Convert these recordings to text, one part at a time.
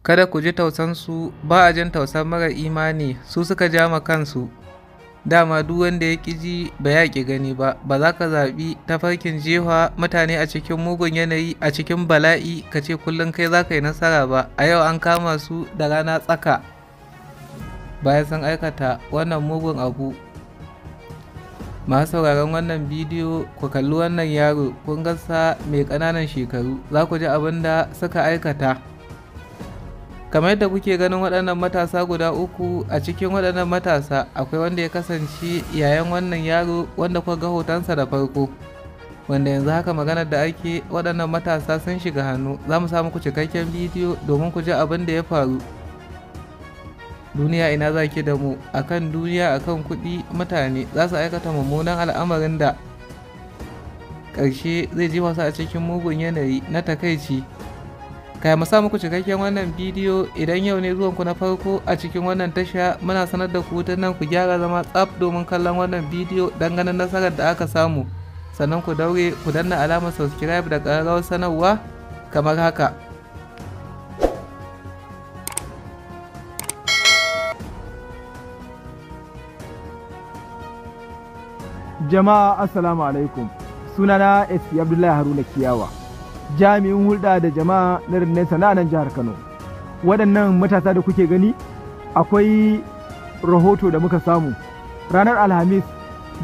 kada ku ji tausansu ba a jin tausan mara imani su suka ja ma kansu dama duk wanda ya ƙi ji ba ya ƙi gani ba ba za ka zaɓi tafarkin jewa mutane a cikin mugun yanayi a cikin bala'i ka ce kullum kai za ka yi nasara ba a yau an kama su da rana tsaka bayan sun aikata wannan mugun abu masu sauraron wannan bidiyo ku kalli wannan yaro kun gasa mai ƙananan shekaru za ku ji abin da suka aikata kamar yadda kuke ganin waɗannan matasa guda uku a cikin waɗannan matasa akwai wanda ya kasance yayan wannan yaro wanda kuka ga hotonsa da farko wanda yanzu haka maganar da ake waɗannan matasa sun shiga hannu za mu samu ku cikakken bidiyo domin ku ji abin da ya faru duniya ina za ki da mu akan duniya akan kuɗi mutane za su aikata mummunan al'amarin da ƙarshe zai ji wasu a cikin mugun yanayi na takaici Kai mu sa muku cikakken wannan bidiyo idan yau ne zuwanku na farko a cikin wannan tasha muna sanar da ku ta nan ku gyara zama tsaf domin kallon wannan bidiyo don ganin nasarar da aka samu. Sannan ku daure ku danna alamar subscribe da ƙararrawar sanarwa kamar haka. Jama'a Assalamu alaikum sunana na Abdullahi Haruna Kiyawa. jami'in hulɗa da jama'a na rinne sana'an jihar Kano. Waɗannan matasa da kuke gani akwai rahoto da muka samu ranar Alhamis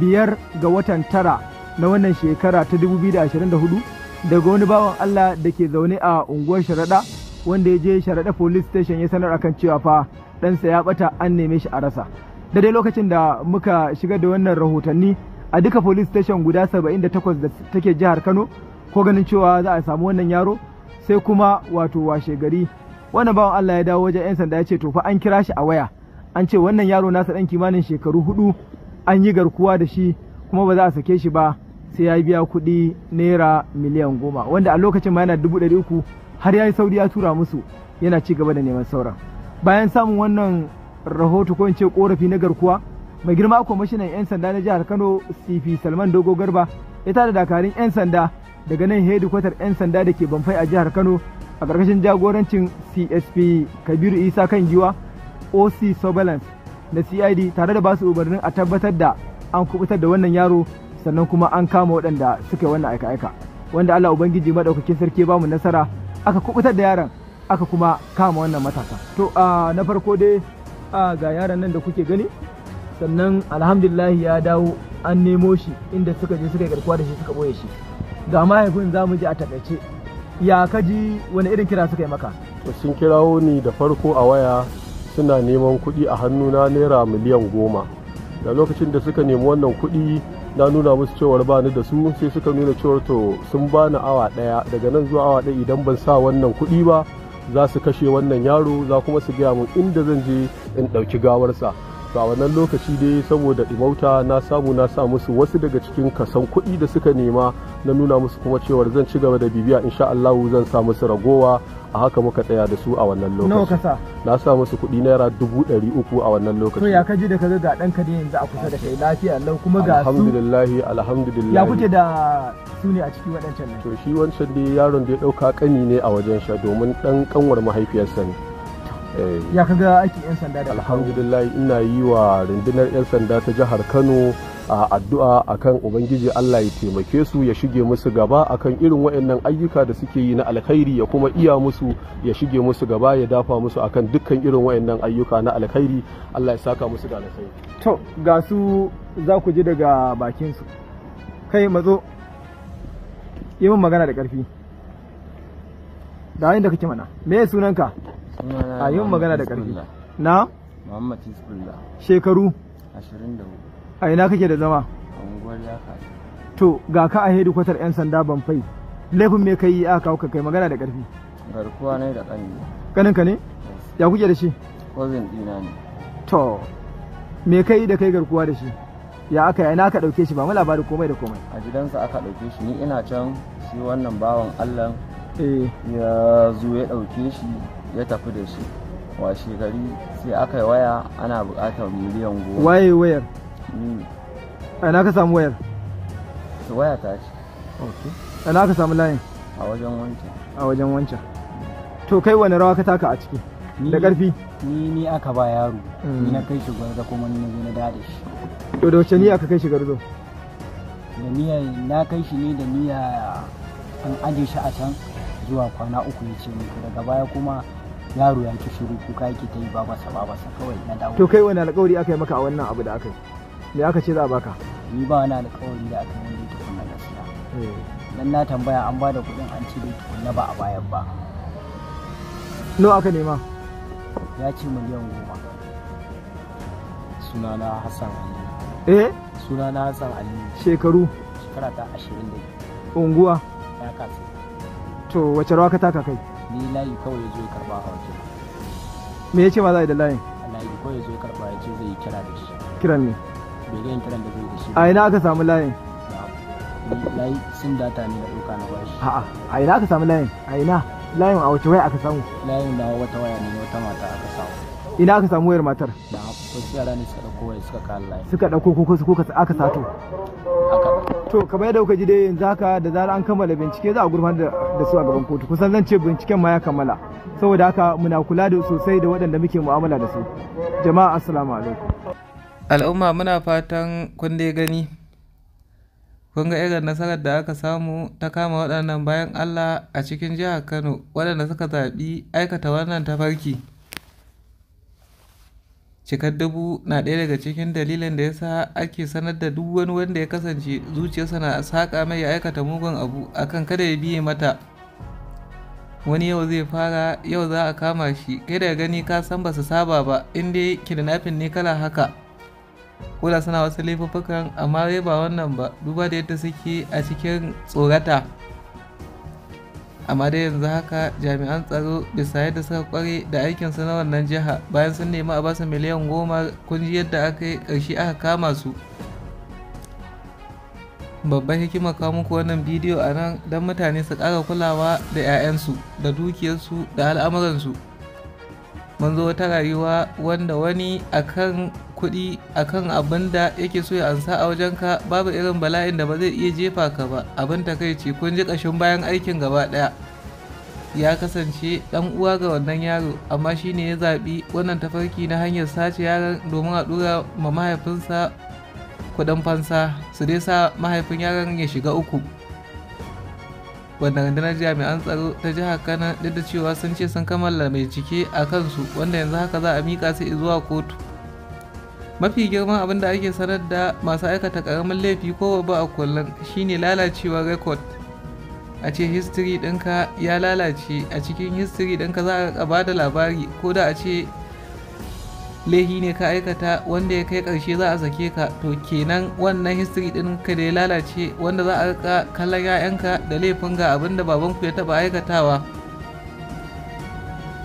biyar ga watan tara na wannan shekara ta 2024 daga wani bawan Allah da ke zaune a unguwar sharaɗa wanda ya je sharaɗa police station ya sanar akan cewa fa ɗansa ya ɓata an neme shi a rasa. Da dai lokacin da muka shigar da wannan rahotanni a duka police station guda 78 da take jihar Kano ko ganin cewa za a samu wannan yaro sai kuma wato washe gari wannan bawan Allah ya dawo wajen 'yan sanda ya ce to fa an kira shi a waya an ce wannan yaro nasa ɗan kimanin shekaru hudu an yi garkuwa da shi kuma ba za a sake shi ba sai ya biya kuɗi naira miliyan goma wanda a lokacin ma yana dubu ɗari uku har ya yi sauri ya tura musu yana ci gaba da neman sauran bayan samun wannan rahoto ko in ce korafi na garkuwa mai girma akwai mashinan 'yan sanda na jihar kano cp salman dogo garba ya tada dakarun 'yan sanda daga nan hedikwatar 'yan sanda da ke bamfai a jihar kano a ƙarƙashin jagorancin csp kabiru isa kan giwa oc surveillance da cid tare da basu umarnin a tabbatar da an kubutar da wannan yaro sannan kuma an kama waɗanda suka yi wannan aika-aika wanda allah ubangiji maɗaukakin sarki bamu nasara aka kubutar da yaron aka kuma kama wannan matasa to a na farko dai ga yaron nan da kuke gani sannan alhamdulillah ya dawo an nemo shi inda suka je suka yi garkuwa da shi suka ɓoye shi ga mahaifin za mu ji a takaice ya kaji wani irin kira suka yi maka sun kirawo ni da farko a waya suna neman kuɗi a hannuna naira miliyan goma da lokacin da suka nemi wannan kuɗi na nuna musu cewar bani da su sai suka nuna cewar to sun bani awa ɗaya daga nan zuwa awa ɗaya idan ban sa wannan kuɗi ba za su kashe wannan yaro za kuma su gaya min inda zan je in ɗauki gawarsa to a wannan lokaci dai saboda imauta na samu na sa musu wasu daga cikin kasan kuɗi da suka nema na nuna musu kuma cewar zan ci gaba da bibiya insha Allah zan sa musu ragowa a haka muka tsaya da su a wannan lokaci na sa musu kuɗi naira dubu ɗari uku a wannan lokaci to ya kaji da kaza ga ɗan ka ne yanzu a kusa da kai lafiya Allah kuma ga su alhamdulillahi alhamdulillahi ya kuke da su ne a ciki waɗancan ne to shi wancan dai yaron da ya ɗauka ƙani ne a wajen sha domin ɗan ƙanwar mahaifiyarsa ne Eh. ya kaga aikin 'yan sanda da alhamdulillah ina yi wa rundunar 'yan sanda ta jihar kano a addu'a akan ubangiji allah ya taimake su ya shige musu gaba akan irin waɗannan ayyuka da suke yi na alkhairi ya kuma iya musu ya shige musu gaba ya dafa musu akan dukkan irin waɗannan ayyuka na alkhairi allah ya saka musu da alkhairi to ga su za ku ji daga bakin su kai mazo yi min magana da ƙarfi da da kake mana me sunanka a yi magana da ƙarfi na muhammad hisbullah shekaru 24 a ina kake da zama a unguwar yaka to ga ka a hedikwatar 'yan sanda ban fai laifin me kai aka kawo kai magana da ƙarfi garkuwa ne da ƙani Ƙanin ka ne ya kuke da shi cousin dina ne to me kai da kai garkuwa da shi ya aka yana aka ɗauke shi ba mu labari komai da komai a gidansa aka ɗauke shi ni ina can shi wannan bawan allah eh. ya zo ya ɗauke shi ya tafi da shi washe gari sai aka yi waya ana buƙatar miliyan goma waye wayar ana ka samu wayar su waya ta ce ok ana ka samu layin a wajen wancan a wajen wancan to kai wani rawa ka taka a ciki da ƙarfi ni ni aka ba yaro ni mm. na kai shi gwarzo kuma ni na zo na dade shi to da wace niyya aka kai shi gwarzo da niyya na kai shi ne da niyya an aje shi a can zuwa kwana uku ya ce daga baya kuma yaro ya ki shiru kuka tai ta yi babasa babasa kawai na dawo to kai wani alƙawari aka yi maka a wannan abu da aka yi me aka ce za a baka ni ba wani alƙawari da aka yi tukunna gaskiya eh. dan na tambaya an bada kuɗin an ci dai tukunna ba a bayar ba nawa aka nema ya ce miliyan goma sunana hassan ali eh sunana hassan ali shekaru shekara ta ashirin da unguwa ya kasa to wace rawa ka taka kai ni layi kawai ya zo ya karba a wajen me ya ce ma za a yi da layin layi kawai ya zo ya karba ya ce zai yi kira da shi kiran ne bai gani yin kiran da zai da shi a ina aka samu layin layi sun data ne da ɗauka na bashi a'a a ina aka samu layin a ina layin a wace waya aka samu layin na wata waya ne wata mata aka samu ina aka samu wayar matar da wasu yara ne suka ɗauko waya suka kawo layin suka ɗauko ko kuka aka sato to kamar yadda kuka ji dai yanzu haka da zarar an kammala bincike za a gurfanar da su a gaban kotu kusan zan ce binciken ma ya kammala saboda haka muna kula da sosai da waɗanda muke mu'amala da su jama'a assalamu alaikum al'umma muna fatan kun dai gani kun ga irin nasarar da aka samu ta kama waɗannan bayan allah a cikin jihar kano waɗanda suka zaɓi aikata wannan tafarki Cikar dubu na ɗaya daga cikin dalilin da ya sa ake sanar da duk wani wanda ya kasance zuciyarsa na saƙa mai ya aikata mugun abu akan kada ya biye mata. Wani yau zai fara yau za a kama shi kai da gani ka san ba su saba ba in dai kidnapping ne kala haka. Kola suna wasu laifuffukan amma ba wannan ba duba da yadda suke a cikin tsorata. amma dai yanzu haka jami'an tsaro bisa yadda suka kware da aikinsu na wannan jiha bayan sun nemi a basu miliyan goma kun ji yadda aka yi ƙarshe aka kama su babban hikima kawo muku wannan bidiyo a nan don mutane su ƙara kulawa da 'ya'yansu da dukiyarsu da al'amuransu mun zo wata rayuwa wanda wani akan kuɗi akan abin da yake so ya ansa a wajenka babu irin bala'in da ba zai iya jefa ka ba abin takaici kun ji ƙashin bayan aikin gaba ɗaya ya kasance ɗan uwa ga wannan yaro amma shine ya zaɓi wannan tafarki na hanyar sace yaron domin a ɗora ma mahaifinsa kuɗin fansa su dai sa mahaifin yaron ya shiga uku wanda rundunar jami'an tsaro ta jihar kano duk da cewa sun ce sun kammala mai cike a kansu wanda yanzu haka za a mika su zuwa kotu mafi girman abin da ake sanar da masu aikata karamin laifi ko babba a kullum shine lalacewa rekod a ce history ɗinka ya lalace a cikin history ɗinka za a ba da labari ko da a ce laifi ne ka aikata wanda ya kai ƙarshe za a sake ka to kenan wannan history ɗinka da ya lalace wanda za a kallon 'ya'yanka da laifin ga abin da babanku ya taɓa aikatawa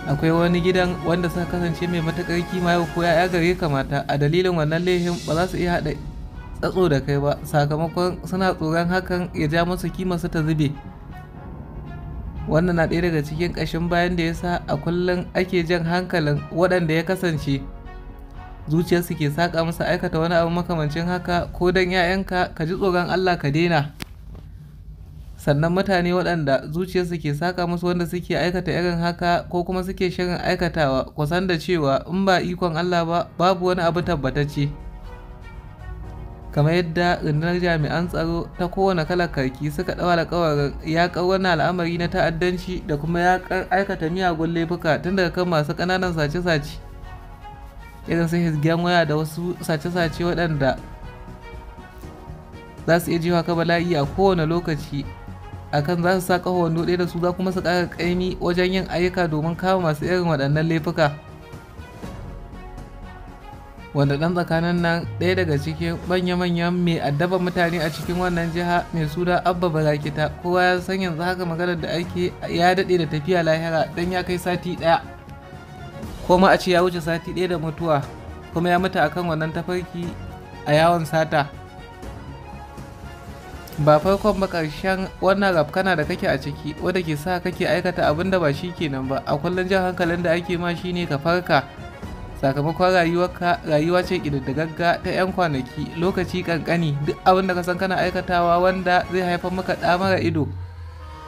akwai wani gidan wanda suka kasance mai matuƙar kima yau ko ya gare ka mata a dalilin wannan laifin ba za su iya haɗa tsatso da kai ba sakamakon suna tsoron hakan ya ja masu kima su ta zube wannan na ɗaya daga cikin ƙashin bayan da ya sa a kullum ake jan hankalin waɗanda ya kasance zuciyarsu ke saƙa musu aikata wani abu makamancin haka ko don 'ya'yanka ka ji tsoron allah ka daina sannan mutane waɗanda zuciyarsu ke saka musu wanda suke aikata irin haka ko kuma suke shirin aikatawa san da cewa in ba ikon Allah ba babu wani abu tabbatacce kamar yadda rundunar jami'an tsaro ta kowane kalar karki suka ɗaura alƙawarin yaƙar wani al'amari na ta'addanci da kuma yaƙar aikata miyagun laifuka tun daga kan masu ƙananan sace-sace irin su hisgen waya da wasu sace-sace waɗanda za su iya jiwa ka bala'i a kowane lokaci akan za su sa kafa wando ɗaya da su za kuma su ƙara ƙaimi wajen yin ayyuka domin kama masu irin waɗannan laifuka wanda ɗan tsakanin nan ɗaya daga cikin manya-manyan mai addaba mutane a cikin wannan jiha mai suna abba barakita kowa ya san yanzu haka maganar da ake ya daɗe da tafiya lahira don ya kai sati ɗaya kuma a ce ya wuce sati ɗaya da mutuwa kuma ya mutu akan wannan tafarki a yawon sata ba farkon ba ƙarshen wannan rafkana da kake a ciki wadda ke sa kake aikata abin da ba shi kenan ba a kullum jan hankalin da ake ma shine ka farka sakamakon rayuwarka rayuwa ce ƙididdagagga ta 'yan kwanaki lokaci ƙanƙani duk abin da ka san kana aikatawa wanda zai haifar maka ɗa mara ido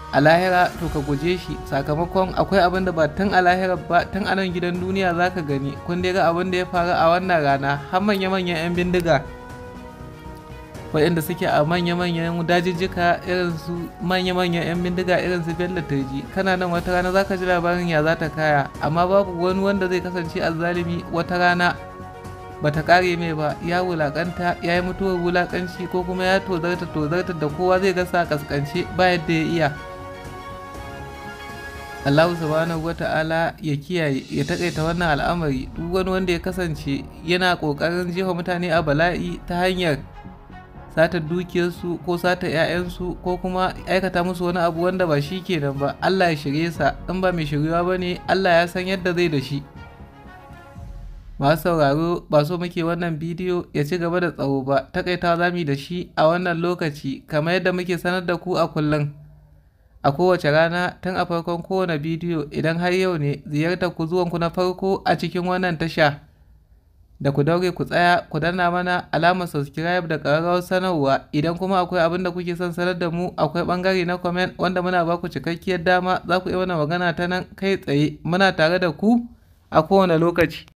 a lahira to ka guje shi sakamakon akwai abin da ba tun a lahira ba tun a nan gidan duniya za ka gani kun dai abin da ya faru a wannan rana har manya-manyan 'yan bindiga waɗanda suke a manya-manyan dajijjika irin su manya-manyan 'yan bindiga irin su bello turji kana nan wata rana zaka ji labarin ya za kaya amma babu wani wanda zai kasance a zalimi wata rana ba ta kare mai ba ya wulakanta ya yi mutuwar wulakanci ko kuma ya tozarta tozarta da kowa zai gasa kaskance ba yadda ya iya Allahu subhanahu wa ta'ala ya kiyaye ya takaita wannan al'amari duk wani wanda ya kasance yana kokarin jefa mutane a bala'i ta hanyar sata dukiyarsu ko sata 'ya'yansu ko kuma aikata musu wani abu wanda ba shi kenan ba Allah ya shirye sa in ba mai shiryuwa ba ne Allah ya san yadda zai da shi masu sauraro ba so muke wannan bidiyo ya ci gaba da tsaro ba takaita zami da shi a wannan lokaci kamar yadda muke sanar da ku a kullum a kowace rana tun a farkon kowane bidiyo idan har yau ne ziyartar ku zuwanku na farko a cikin wannan tasha da ku daure ku tsaya ku danna mana alamar subscribe da ƙararrawar sanarwa idan kuma akwai abin da kuke son sanar da mu akwai ɓangare na comment wanda muna ba ku cikakkiyar dama za ku iya mana magana ta nan kai tsaye muna tare da ku a kowane lokaci.